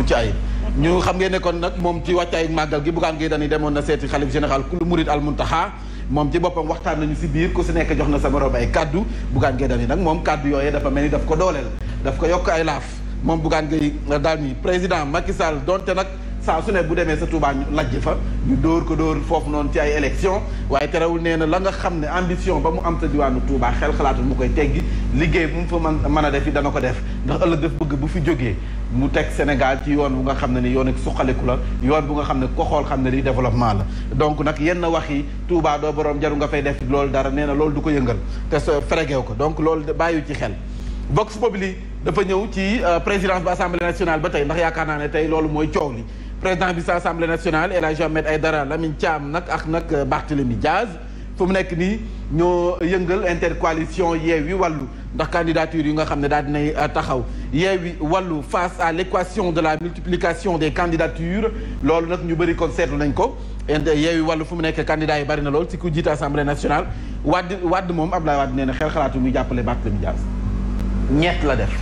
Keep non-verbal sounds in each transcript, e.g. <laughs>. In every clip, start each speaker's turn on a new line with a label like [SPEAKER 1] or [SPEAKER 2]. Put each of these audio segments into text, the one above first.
[SPEAKER 1] mucc ayib ñu xam ngeen ne kon nag moom ci wàccaay màggal gi bugaan ngay dañuy demoon na seeti xalif général kul murid al muntaha moom ci boppam waxtaan nañu si biir ku si nekk jox na sa morom ay kaddu bugaan ngay nag moom kaddu yooyee dafa mel ni daf ko dooleel daf ko yokk laaf moom bugaan ngay daal ni président Macky donte nag saa su ne bu demee sa Touba ñu lajj fa ñu dóor ko dóor foofu noonu ci ay élection waaye terewul nee na la nga xam ne ambition ba mu am sa diwaanu tuubaa xel xalaatul mu koy teggi liggéey bu mu fa man mën a def yi dana ko def ndax ëllëg daf bëgg bu fi jógee mu teg Sénégal ci yoon wu nga xam ne ni yoon ak suqaliku la yoon bu nga xam ne ko xool xam ne li développement la donc nag yenn wax yi Touba doo boroom jaru nga fay def loolu dara nee na loolu du ko yëngal te so feregew ko donc loolu bàyyi ci xel Vox Populi dafa ñëw ci euh, présidence bu ba tey ndax yaakaar naa ne tey loolu mooy coow li président bi sa assemblée nationale El Hadj Ahmed Aïdara Lamine Thiam nag ak nag euh, Barthélémy Diaz fu mu nekk nii ñoo yëngal intercoalition yi Wallu ndax candidature yi nga xam ne daal dinay euh, taxaw Yewwi Wallu face à l'équation de la multiplication des candidatures loolu nag ñu bëri kon seetlu nañ ko euh, Yewwi Wallu fu mu nekk candidat yi bëri na lool si ku jiite assemblée nationale Wade Wade moom Abdoulaye Wade nee na xel xalaatu muy jàppale Barthélémy Diaz ñett la def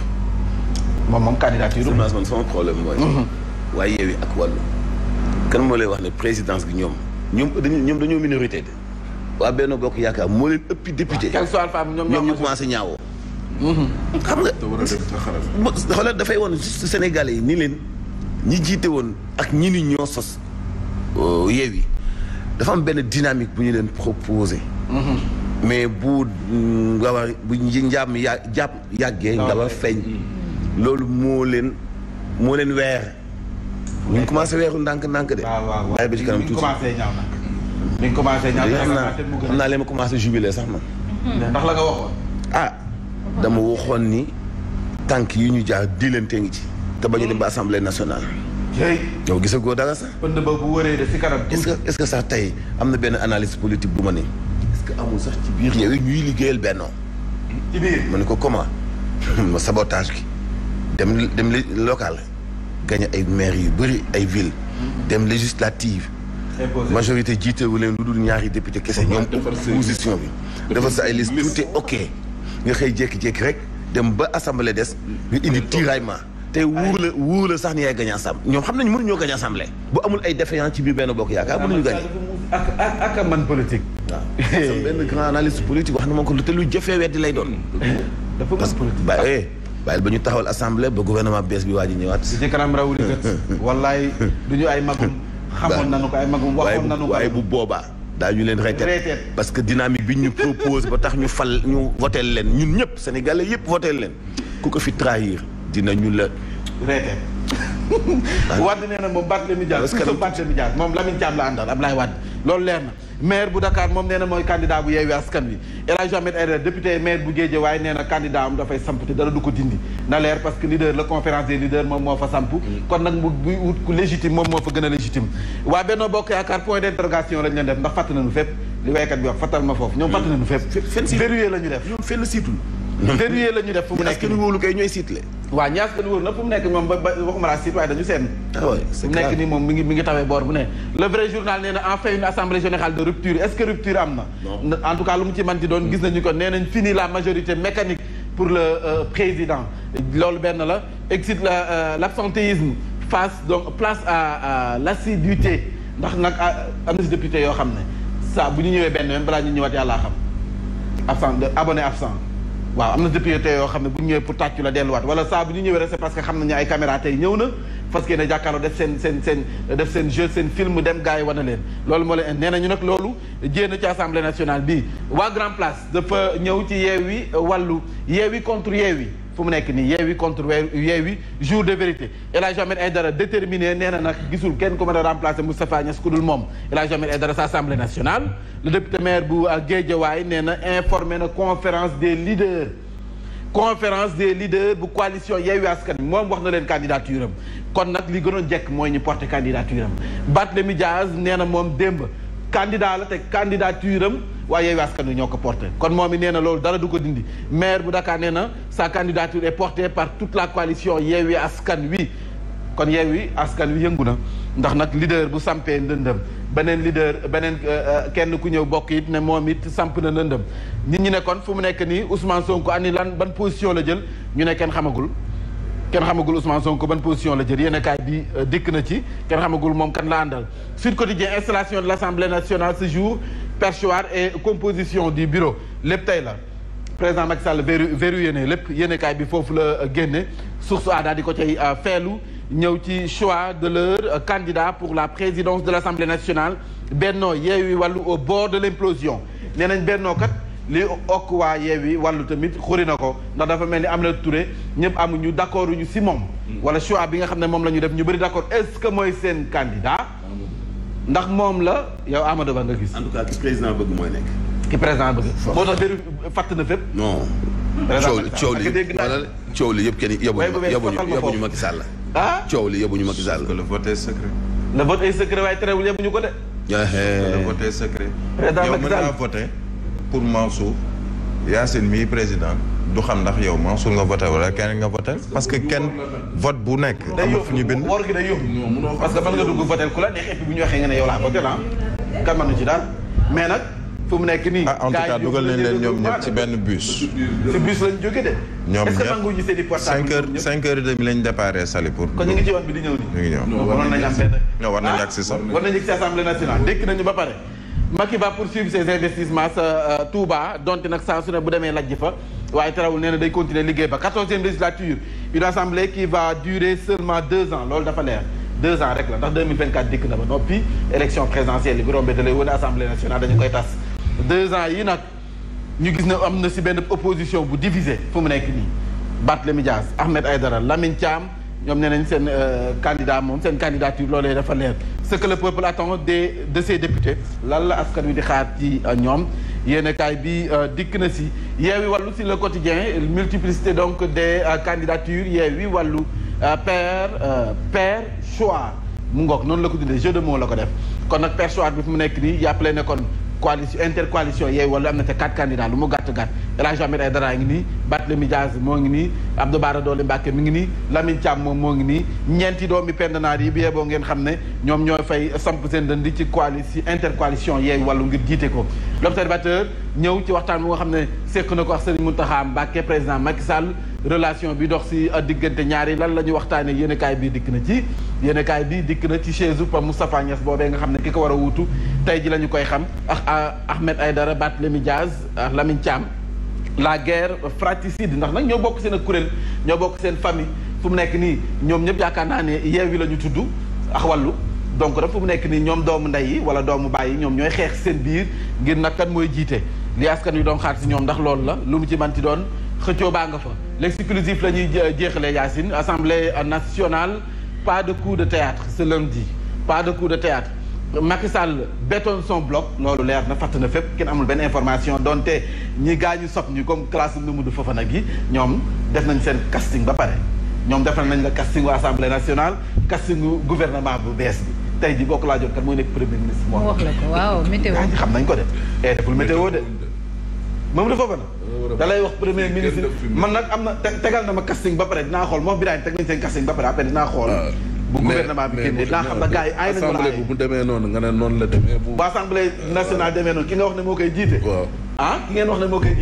[SPEAKER 2] moom moom candidature. c'est mon waaye Yewwi ak wàllu kan moo lay wax ne présidence bi ñoom ñoom ñoom dañoo minorité de waa benn bokk yaakaar moo leen ëppi député ah, ñoom ñu commencé ñaawoo mm-hmm. xam nga xoolal dafay woon juste Sénégalais yi ni leen ñi jiite woon ak ñi ni ñoo sos euh, Yewwi dafa am benn dynamique bu ñu leen proposé mm-hmm. mais bu mm, ngaba bu njaam ya jàpp yàggee ah, ngaba feeñ mm-hmm. loolu moo leen moo leen weer ñu ngi commencé weexu ndànk ndànk de. waaw waaw waaye ba ci kanam tuuti mi ngi commencé xam naa leen ma commencé jubilé sax man. Mm-hmm. ndax la nga waxoon. ah dama waxoon ni tànk yi ñu jaar diilante ngi ci. te bañu dem ba assemblée nationale. tey. yow gisagoo dara sax. pënd ba bu wëree de si kanam. est ce que est ce que sax tey am na benn analyse politique bu ma ne. est ce que amul sax ci biir yooyu ñuy liggéeyal bennoo. ci biir ma ne ko comment. <laughs> ma sabotage gi dem dem li local. gagné ay maires yu bëri ay villes. dem législative. majorité jiitewu leen lu dul ñaari député kese ñoom opposition bi dafa sa ay liste tout est ok nga xëy jékki-jékki rek dem ba assemblée des ñu indi tiraillement te wóor la wóor la sax ni yaay gagné assemblée ñoom xam nañu mënuñoo gagné assemblée bu amul ay défaillance ci biir benn bokk yaakaar mënuñu gagné ak ak man politique waaw benn grand analyste politique wax na ma ko lu te lu jëfee weddi lay doon bàyyil ba ñu taxawal assemblée ba gouvernement bees bi waa ji ñëwaat. di ci kanam rawu gët. wallaay du ñu ay magum. xamoon nañu ko ay magum waxoon nañu ko ay bu boobaa. ñu leen reeteet parce que dynamique bi ñu propose ba tax ñu fal ñu voté leen ñun ñëpp sénégalais yëpp voté leen ku ko fi trahir dinañu la. reeteet.
[SPEAKER 1] <laughs> Wade nee na moom Barthélémy Dias. est-ce moom Barthélémy Dias moom Lamine Thiam la àndal Ablaye loolu leer na. maire bu Dakar moom nee na mooy candidat bu yeewi askan wi El Hadj Ahmed Aidara député maire bu Guédiawaye nee na candidat am dafay samp te dara du ko dindi na leer parce que leader la conférence des leaders moom moo fa samp kon nag mu bu wut ku légitime moom moo fa gën a légitime waa Benno Bokk Yaakaar point d'interrogation lañ leen def ndax fàtt nañu fépp li waykat bi wax fàttal ma foofu ñoom fàtt nañu fépp verrouillé la ñu def ñoom fenn verrouillé la ñu def fu mu nekk ñi na fu mu nekk moom ba ba waxuma laa siit waaye dañu seen ah mu nekk nii moom mi ngi mi ngi tawee boor bu ne le vrai journal nee na enfin une assemblée générale de rupture est-ce que rupture am na en lu mu ci manti doon gis nañu ko nee fini la majorité mécanique pour le euh, président loolu benn la exit la euh, l'absentéisme face donc place à à ndax nag ah, am na si député yoo xam ne saa bu ñu ñëwee benn yoon balaa ñu ñëwaat yàllaa xam absent de abonné absent waaw am na député yoo xam ne bu ñu ñëwee pour tàccu la delluwaat wala saa bu ñu ñëwee rek c'est parce que xam nañu ay caméra tey ñëw na parce que ne jàkkaarloo def seen seen seen def seen jeu seen film dem gars yi wane leen loolu moo leen nee nañu nag loolu jéem ci assemblée nationale bi waa grand place dafa ñëw ci yeewi wàllu yeewi contre yeewi fu mu nekk nii Yewwi contre Yewwi jour de vérité El Hadj Ahmed Aïdara déterminé nee na nag gisul kenn ku mën a remplacer Moustapha Niass moom dul moom El Hadj Ahmed Aïdara sa assemblée nationale le député maire bu Guédiawaye nee na informé na conférence des leaders conférence des leaders bu coalition Yewwi Askan Wi moom wax na leen candidature am kon nag li gënoon jekk mooy ñu porter candidature am Barthélémy Dias nee na moom démb candidat la te candidature waaye Yewwi Askan Wi ñoo ko porté kon moom it nee na loolu dara du ko dindi maire bu Dakar nee na sa candidature est portée par toute la coalition Yewwi Askan Wi kon Yewwi Askan Wi yëngu na ndax nag leader bu sampee ndëndam beneen leader beneen euh, euh, kenn ku ñëw bokk it ne moom it samp na ndëndëm nit ñi ne kon fu mu nekk nii Ousmane Sonko ni lan ban position la jël ñu ne kenn xamagul kenn xamagul Ousmane Sonko ban position la jël yéen kaay bi euh, dikk na ci kenn xamagul moom kan la àndal Sud Quotidien installation de l'Assemblée nationale perchoir e composition du bureau lépp tey la président Macky Sall verru yéene lépp yéenekaay bi foofu la euh, génne source a daal di ko cay euh, feelu ñëw ci choix de leur euh, candidat pour la présidence de l'Assemblée nationale Benno Yewwi Wallu au bord de l'implosion nee nañ Benno kat li okk waa Yewwi Wallu tamit xuri na ko ndax dafa mel ni am na Touré ñëpp amuñu d'accord ñu si moom mm. wala choix bi nga xam ne moom la ñu def ñu bëri d'accord est-ce que mooy seen candidat ndax moom la yow Amadou Ba nga gis.
[SPEAKER 2] en tout cas ki président bëgg mooy nekk. ki président bëgg. moo tax
[SPEAKER 1] dëgg fàtt na fépp.
[SPEAKER 2] non. coow li yëpp kenn yabuñu yabuñu Macky Sall. ah coow li yabuñu Macky Sall. le vote est secret. le vote est secret waaye terewul yabuñu ko de. le vote est secret. président Macky Sall yow mën naa voté pour Mansour Yacine mii président. du xam ndax yow Mansour nga voté wala kenn nga voté parce que kenn vote bu nekk. am na fu ñu bind
[SPEAKER 1] woor gi day yóbbu parce que mën nga dugg voté ku la neex et bu ñu waxee nga ne laa voté la ah. ci daal mais nag fu mu nekk nii. Ah, en tout cas dugal nañ leen ñoom ñëpp ci benn bus. ci bus lañ jógee de. ñoom ñëpp est-ce que i portable cinq heures cinq ci yoon bi di ñëw nii. ñu ngi nañ am benn. war nañ agsi sax ah, war nañ agsi assemblée nationale dékk nañu ba pare Macky va poursuivre ses investissements sa euh, Touba donte nag saa su ne bu demee lajj fa waaye tarawul nee na day continuer liggéey ba quatorzième législature une assemblée qui va durer seulement deux ans loolu dafa leer deux ans rek la ndax 2024 dikk na ba noppi élection présidentielle bi rombé da lay wane assemblée nationale dañu koy tas deux ans yi nag ñu gis ne am na si benn opposition bu divisé fu mu nekk nii Barthélémy Dias Ahmed Aïdara Lamine Thiam ñoom nee nañ seen euh, candidat moom seen candidature loolee dafa leer ce que le peuple attend des de ses députés lan la askan wi di xaar ci euh, ñoom yéenekaay bi euh, dikk na si Yewwi Wallu si le quotidien multiplicité donc des candidatures Yewwi Wallu pair pair choix mu ngoog noonu la ko tuddee jeu de mots la ko def kon nag pair choix bi fu mu nekk nii yàppale ne kon coalition intercoalition yeey wala am na te quatre candidats lu mu gàtt gàtt El Hadj Ahmed Aïdara ngi moo ngi nii Abdou Bara mi ngi nii moom moo ngi nii ñeenti doomi pendanaar yi bi yeboo ngeen xam ne ñoom ñoo fay samp seen dënd ci coalition intercoalition yeey wàllu ngir jiite ko l'observateur ñëw ci waxtaan bu nga xam ne sekk na ko ak Serigne Mountakha Mbacké président Macky Sall relation bi dox si diggante ñaari lan la ñu waxtaanee yéenekaay bi dikk na ci yéenekaay bi dikk na ci chaise Pa Moustapha Niass boobee nga xam ne ki ko war a wuutu tey ji la ñu koy xam ak ah, Ahmed Aïdara Barthélémy Dias ah, Lamine Thiam la guerre fratricide ndax nag ñoo bokk seen ak kuréel ñoo bokk seen famille fu mu nekk nii ñoom ñëpp yaakaar naa ne yeewi la ñu tudd ax wallu donc nag fu mu nekk nii ñoom doomu ndey yi wala doomu baay yi ñoom ñooy xeex seen biir ngir kan mooy jiite li askan wi doon xaar si ñoom ndax loolu la lu mu ci manti doon xëccoo baa nga fa l'exclusif la ñuy jeexalee Yacine assemblée nationale pas de coup de théâtre ce lundi pas de coup de théâtre Macky Sall bétonne son bloc loolu leer na fàtt na fépp kenn amul benn information donte ñi gaañu sob ñi comme classe Mamadou nag yi ñoom def nañ seen casting ba pare ñoom defal nañ la castingu assemblée nationale castingu gouvernement bu bees bi tey jii boo ko laajoon kat mooy nekk premier ministre. moo wax la ko waaw météo xam nañ ko de. et eh, de. Mamadou Fofana da lay wax premier ministre man nag am na tegal na ma casting ba pare dinaa xool moom Birane teg nañ seen casting ba pare après dinaa xool ah. bu gouvernement bi génnee dinaa xam ne gars ne noonu la demee bu assemblée nationale demee noonu ki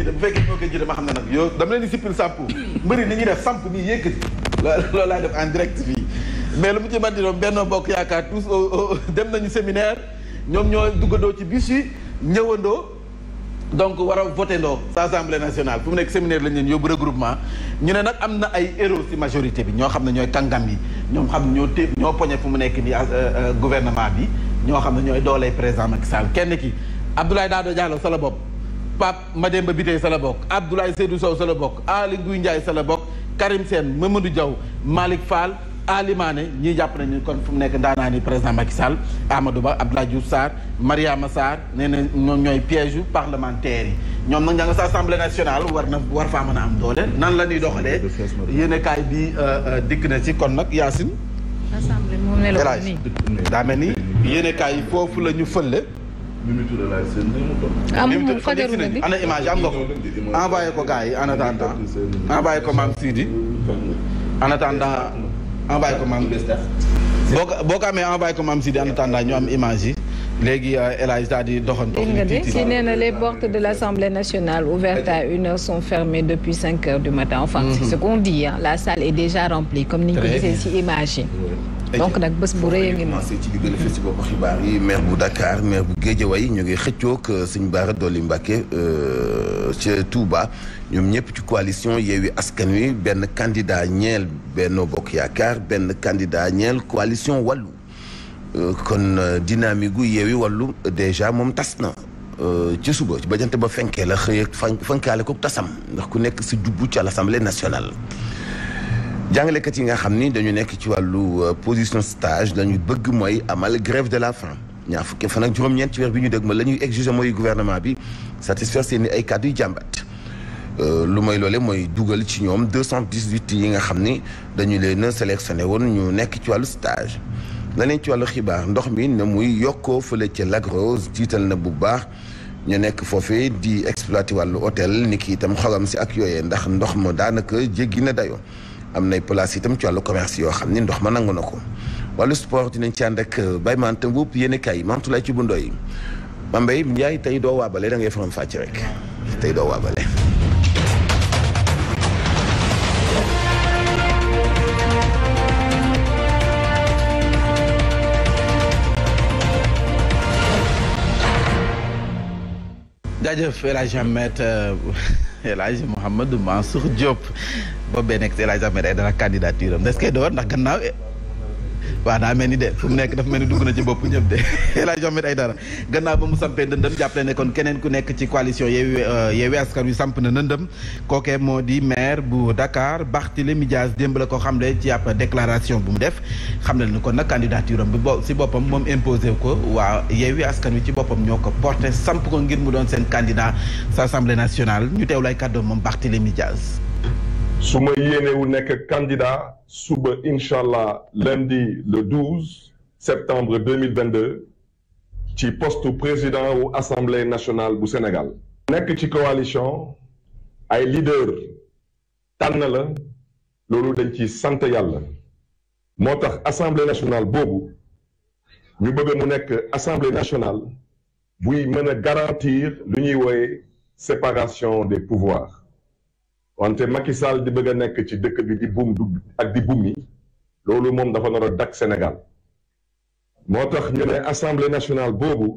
[SPEAKER 1] nga ah, dama leen sippil samp mbëri ni ñuy def samp nii yëkkati loolu laay def en direct fii mais lu mu ci mën di doon benn bokk yaakaar tous dem nañu séminaire ñoom ñoo duggandoo ci bis yi ñëwandoo donc war a voté ndoo sa assemblée nationale fu mu nekk séminaire lañ leen yóbbu regroupement ñu ne nag am na ay héros ci majorité bi ñoo xam ne ñooy kàngam yi ñoom xam ne ñoo té ñoo poñe fu mu nekk nii euh, euh, gouvernement bi ñoo xam ne ñooy dooley président Macky Sall kenn ki Abdoulaye Daouda Diallo sa la bopp ma Pape Mademba Bitèye sa la bokk Abdoulaye Seydou Sow sa la bokk Aly Ngouille Ndiaye sa la bokk Karim Sène Mamadou jaw Malick Fall Alimane ñii jàpp nañu kon fu nekk ndaanaa ni président Macky Sall Amadou Ba Abdoulaye Diouf Sarr Mariama Sarr nee na ñoom ñooy piège yu parlementaires yi ñoom nag ña nga sa assemblée nationale war na war faa mën a am doole nan la ñuy doxalee yéene kaay bi euh, euh, dikk na ci kon nag Yacine assemblée moom ne ni yéene kaay yi foofu la ñu fële ah, am mu fajaru na bi ko envoyé yi en attendant envoyé ko maam Bés def. boo si di en attendant ñu am image yi. léegi euh, El Hadj daal di doxantu. ci les
[SPEAKER 2] portes de l' nationale ouvertes à heure sont fermées depuis cinq heures du matin. enfin mhm. ce qu'on dit la salle est déjà remplie comme ni ñu ko donc nag bés bu rëy a ngi commencé ci diggante fii si bopp xibaar yi maire bu Dakar maire bu Guédiawaye ñoo ngi xëccoog euh, sëñ Bara Dolly Mbacké euh, ca Touba ñoom ñëpp ci coalition Yewwi Askan Wi benn candidat ñeel Benno Bokk Yaakaar benn candidat ñeel coalition wàllu euh, kon dynamique gu Yewwi wàllu déjà moom tas na ci suba ba jante ba fenkee la xëy fankaale ko tasam ndax ku nekk si jubbu ci l'Assemblée national jàngalekat yi nga xam ni dañu nekk ci wàllu euh, position stage lañu bëgg mooy amal grève de la faim ñaar fukki fan ak juróom-ñeent ci weer bi ñu dëgg ma la ñuy exiger mooy gouvernement bi satisfaire seeni ay kàddu yu jàmbat euh, lu mooy loole mooy dugal ci ñoom deux cent dix-huit yi nga xam ni dañu leen a sélectionné woon ñu nekk ci wàllu stage leneen ci wàllu xibaar ndox mi ne muy yokkoo fële ca Lac tiital na bu baax ñu nekk foofee di exploité wàllu hôtel ni ki itam xolam si ak yooyee ndax ndox ma daanaka jéggi na dayoo am nay place itam ci wàllu commerce yoo xam ni ndox ma nangu na ko wàllu sport dinañ ci ànd ak euh, Baye Mante Mboup yéen kaay Mantulaay ci bundooy Mambey Ndiaye tey doo waabale da ngay faram fàcc rek tey doo waabale
[SPEAKER 1] jaajëf El Hadj Ahmed euh, <laughs> El Hadj Mouhamadou Mansour Diop ba bee nekk si El Hadj Ahmed Aidara candidature am des koy door ndax gannaaw eh, waaw daa mel ni de fu mu nekk dafa mel ni dugg na ci bopp ñëpp de <laughs> El Hadj Ahmed Aidara gannaaw ba mu sampee ndëndëm jàppale ne kon keneen ku nekk ci coalition Yewwi euh, Yewwi Askan samp na ndëndëm kookee moo di maire bu Dakar Barthélémy Dias démb la ko xamle ci ab déclaration bu mu def xam ne kon nag candidature am bi bo si boppam moom imposé ko waa Yewwi Askan Wi ci boppam ñoo ko porté samp ko ngir mu doon seen candidat sa assemblée nationale ñu teewlay kàddoom moom Barthélémy Dias
[SPEAKER 2] su ma wu nekk candidat suba incha allah lundi le 12 septembre 2022 ci poste président wu assemblée nationale bu Sénégal. nekk ci coalition ay leader tànn la loolu dañ ci sant yàlla moo tax assemblée nationale boobu ñu bëgg mu nekk assemblée nationale buy mën a garantir lu ñuy wooye séparation des pouvoirs. wante Macky Sall di bëgg a nekk ci dëkk bi di buum ak di buum loolu moom dafa nar a dak Sénégal moo tax ñu ne assemblée nationale boobu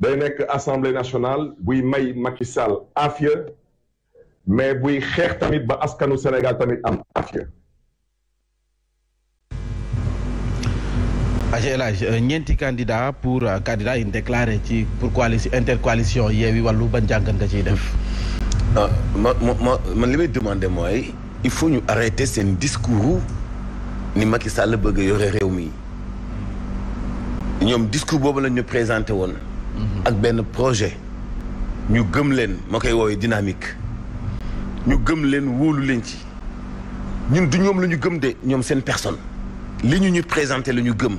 [SPEAKER 2] day nekk assemblée nationale buy may Macky Sall afia mais buy xeex tamit ba askanu Sénégal tamit am afia
[SPEAKER 1] Aja El euh, ñeenti candidat pour euh, candidat yi déclaré ci pour coalition intercoalition Yewwi Wàllu ba njàngat nga ciy def
[SPEAKER 2] ah ma man li may demandé mooy il faut ñu arrêter seen discours ni Macky Sall bëgg yore réew mi ñoom discours boobu la ñu présenté woon. Mhm. ak benn projet. ñu gëm leen ma koy woowee dynamique. ñu gëm leen wóolu leen ci. ñun du ñoom la ñu gëm de ñoom seen personne. li ñu ñu présenté la ñu gëm.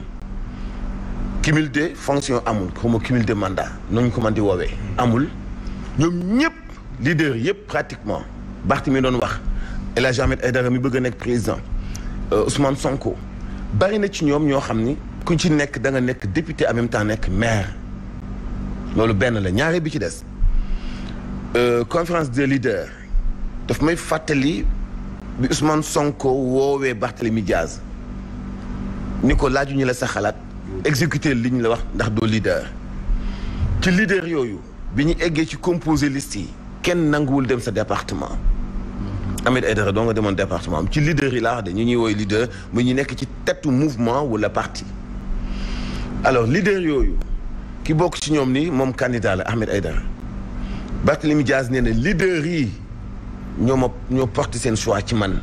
[SPEAKER 2] cumul de fonction amul xaw ma cumul de mandat noonu ko man di woowee. Mhm. amul ñoom ñëpp. leader yëpp pratiquement Barthé mi doon wax El Hadj Ahmed mi bëgg a nekk président euh, Ousmane Sonko bari na ci ñoom ñoo xam ni ku ci nekk da nga nekk député en même temps nekk maire loolu benn la ñaare bi ci des euh, conférence de leaders daf may fàttali bi Ousmane Sonko woowee Barthélemy Diaz ni ko laaju ñu la sa xalaat exécuter li ñu la wax ndax doo leader ci leader yooyu bi ñu eggee ci composé liste yi kenn nanguwul dem sa département Ahmed Aïdara doo nga demoon département am ci leader yi laa de ñu ñuy woy leader mu ñu nekk ci tetu mouvement wala parti alors leader yooyu ki bokk ci ñoom ni moom candidat la Ahmed Aïdara Barthélémy Diaz nee na leader yi ñoo ma ñoo porté seen choix ci man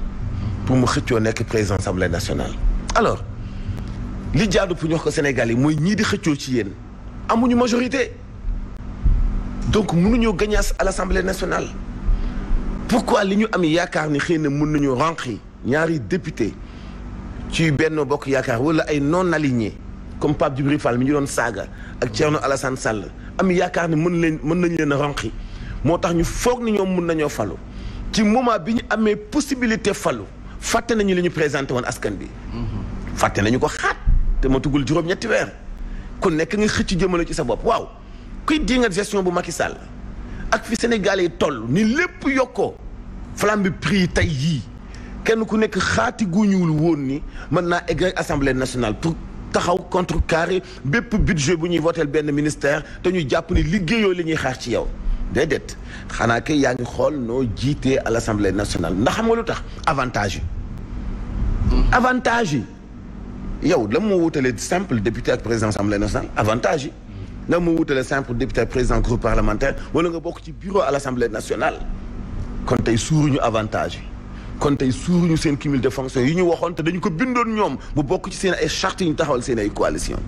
[SPEAKER 2] pour mu xëccoo nekk président assemblée nationale alors li jaadu pour ñu ko Sénégal yi mooy ñii di xëccoo ci yéen amuñu majorité donc mënuñoo gañaas à l' assemblée nationale pourquoi li ñu am yaakaar ni xëy na mën nañu rentré ñaari député ci benn bokk yaakaar wala ay non alignés comme Pape Djibril Fall mi ñu doon saaga ak Thierno Alassane Sall am yaakaar ni mën leen mën nañ leen a rentré moo tax ñu foog ni ñoom mun nañoo falu ci moment bi ñu amee possibilité falu fàtte nañu li ñu présenté woon askan bi fàtte nañu ko xaat te ma tugul juróom-ñetti weer ku nekk nga xëcc jëmale ci sa bopp waaw kuy dingat gestion bu Macky Sall ak fi Sénégal yi toll ni lépp yokkoo flambe prix tey yii kenn ku nekk xaati woon ni mën naa egg assemblée nationale pour taxaw contre carré bépp budget bu ñuy votel benn ministère te ñu jàpp ni liggéeyoo li ñuy xaar ci yow déedéet xanaa kay yaa ngi xool noo jiitee à l' assemblée nationale ndax xam nga lu tax avantage yi. avantage yi yaw la moo wutalee simple député ak président assemblée nationale avantage yi. ndax moo wutale simple député président groupe parlementaire wala nga bokk ci bureau à l' assemblée nationale kon tey suuruñu avantage kon tey suuruñu seen cumul de fonction yu ñu waxoon te dañu ko bindoon ñoom mu bokk ci seen ay charte yi ñu taxawal seen ay coalition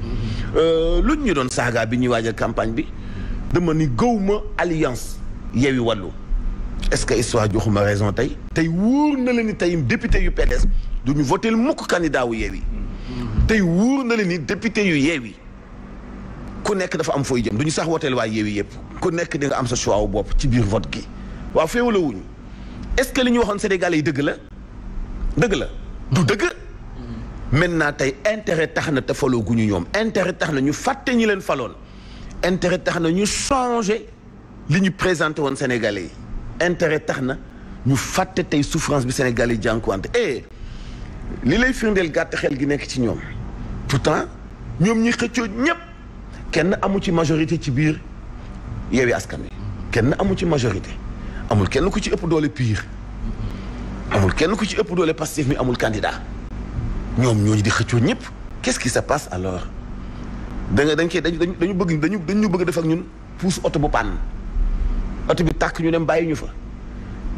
[SPEAKER 2] euh, lu ñu doon saaga bi ñuy waajal campagne bi dama ni gëwma alliance Yewwi Wallu est-ce que histoire joxuma raison tey tey wóor na leen ni tey député yu PDS duñu votel mukk candidat wu Yewwi tey wóor na leen ni député yu Yewwi ku nekk dafa am fooy jëm du ñu sax woteel waa yeewi yëpp ku nekk di nga am sa choix bopp ci biir vote gi waaw féewala wuñu est-ce que li ñu waxoon Sénégalais yi dëgg la dëgg la du dëgg maintenant tey intérêt tax na te faloo guñu ñoom tax na ñu fàtte ñi leen faloon intérêt tax na ñu changé li ñu présenté woon Sénégalais yi intérêt tax na ñu fàtte tey souffrance bi sénégale yi jànkuwante wante eh, li lay firndeel gàtt xel gi nekk ci ñoom temps ñoom ñi xëccoo ñëpp. kenn amu ci majorité ci biir Yewwi Askan Wi kenn amu ci majorité amul kenn ku ci ëpp doole pire amul kenn ku ci ëpp doole Pastef mi amul candidat ñoom ñoo ñooñu di xëccoo ñëpp qu'est-ce qui se passe alors da nga dañ koy dañu bëgg dañu dañu bëgg def ak ñun pousse oto bu paan oto bi tàkk ñu dem bàyyi ñu fa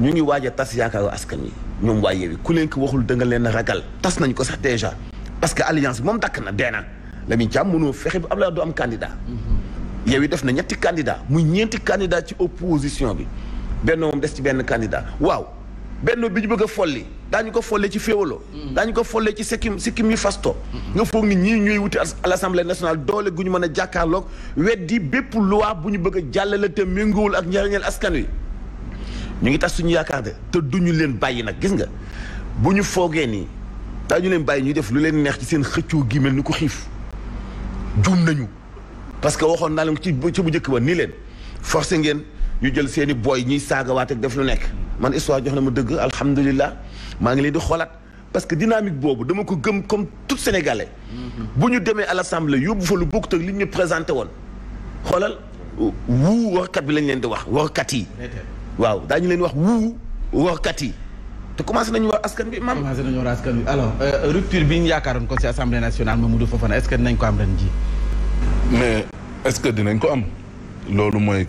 [SPEAKER 2] ñu ngi waaj a yaakaar yaakaaru askan wi ñoom waa Yewwi ku leen ko waxul da nga leen ragal tas nañ ko sax déjà parce que alliance bi moom dakk na dee Lamine Thiam mënoo fexe bi Abdoulaye la du am candidat. yow yi def na ñetti candidat muy ñeenti candidat ci opposition bi benn moom des ci benn candidat waaw benn bi ñu bëgg a folli daañu ko folle ci féewaloo. Mm. daañu ko folle ci sikkim sikkim yu fasto nga foog ni ñii ñuy wuti à l'Assemblée nationale doole gu ñu mën a jàkkaarloog weddi bépp loi bu ñu bëgg a jàllale te méngoowul ak njariñal askan wi. ñu ngi tax suñu yaakaar de te duñu leen bàyyi nag gis nga bu ñu foogee nii daañu leen bàyyi ñuy def lu leen neex ci seen xëccoo gi mel ni ko xiif. juum nañu parce que waxoon naa leen ci ci bu njëkk ba nii leen forcé ngeen ñu jël seeni i booy ñuy saaga ak def lu nekk man histoire jox na ma dëgg alhamdulilah maa ngi leen di xoolaat parce que dynamique boobu dama ko gëm comme tout sénégalais. Mm-hmm. bu ñu demee à l' yóbbu fa lu bokkut ak li ñu présenté woon xoolal wuu warkat bi lañ leen di wax warkat yi. waaw daa ñu leen wax wuu warkat yi.
[SPEAKER 1] te commencé nañu war askan bi maam. commencé nañu war askan bi alors euh, rupture bi ñu yaakaaroon ko ci assemblée nationale
[SPEAKER 2] Mamadou Fofana est-ce que dinañ ko am ren ji mais est dinañ ko am loolu mooy.